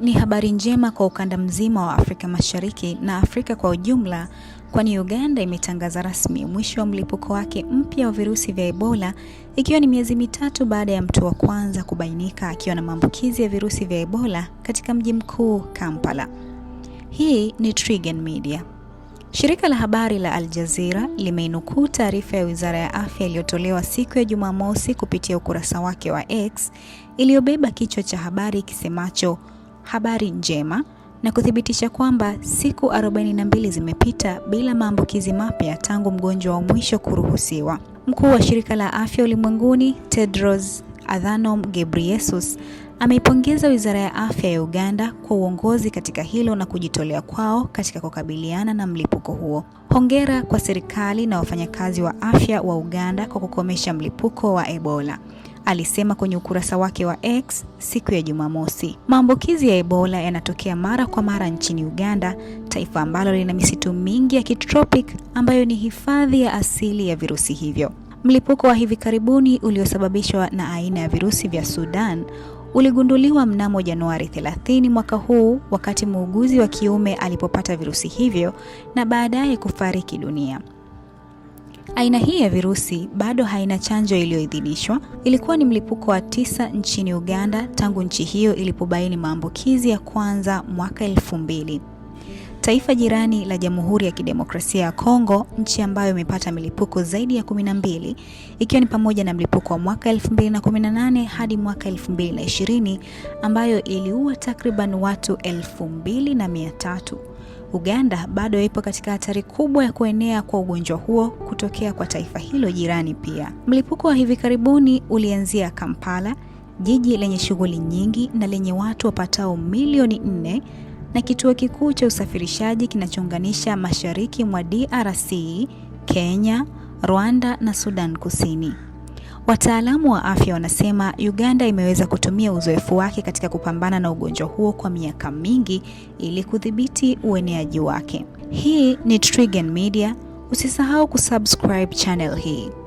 ni habari njema kwa ukanda mzima wa Afrika Mashariki na Afrika kwa ujumla, kwani Uganda imetangaza rasmi mwisho wa mlipuko wake mpya wa virusi vya Ebola ikiwa ni miezi mitatu baada ya mtu wa kwanza kubainika akiwa na maambukizi ya virusi vya Ebola katika mji mkuu Kampala. Hii ni Trigen Media. Shirika la habari la Al Jazeera limeinukuu taarifa ya Wizara ya Afya iliyotolewa siku ya Jumamosi kupitia ukurasa wake wa X iliyobeba kichwa cha habari kisemacho habari njema na kuthibitisha kwamba siku 42 zimepita bila maambukizi mapya tangu mgonjwa wa mwisho kuruhusiwa. Mkuu wa Shirika la Afya Ulimwenguni Tedros Adhanom Ghebreyesus ameipongeza Wizara ya Afya ya Uganda kwa uongozi katika hilo na kujitolea kwao katika kukabiliana na mlipuko huo. Hongera kwa serikali na wafanyakazi wa afya wa Uganda kwa kukomesha mlipuko wa Ebola alisema kwenye ukurasa wake wa X siku ya Jumamosi. Maambukizi ya Ebola yanatokea mara kwa mara nchini Uganda, taifa ambalo lina misitu mingi ya kitropiki ambayo ni hifadhi ya asili ya virusi hivyo. Mlipuko wa hivi karibuni uliosababishwa na aina ya virusi vya Sudan uligunduliwa mnamo Januari 30 mwaka huu wakati muuguzi wa kiume alipopata virusi hivyo na baadaye kufariki dunia. Aina hii ya virusi bado haina chanjo iliyoidhinishwa. Ilikuwa ni mlipuko wa tisa nchini Uganda tangu nchi hiyo ilipobaini maambukizi ya kwanza mwaka elfu mbili. Taifa jirani la Jamhuri ya Kidemokrasia ya Kongo, nchi ambayo imepata milipuko zaidi ya 12 ikiwa ni pamoja na mlipuko wa mwaka 2018 hadi mwaka 2020 ambayo iliua takriban watu 2300. Uganda bado ipo katika hatari kubwa ya kuenea kwa ugonjwa huo kutokea kwa taifa hilo jirani pia. Mlipuko wa hivi karibuni ulianzia Kampala, jiji lenye shughuli nyingi na lenye watu wapatao milioni nne na kituo kikuu cha usafirishaji kinachounganisha mashariki mwa DRC, Kenya, Rwanda na Sudan Kusini. Wataalamu wa afya wanasema Uganda imeweza kutumia uzoefu wake katika kupambana na ugonjwa huo kwa miaka mingi ili kudhibiti ueneaji wake. Hii ni Trigen Media. Usisahau kusubscribe channel hii.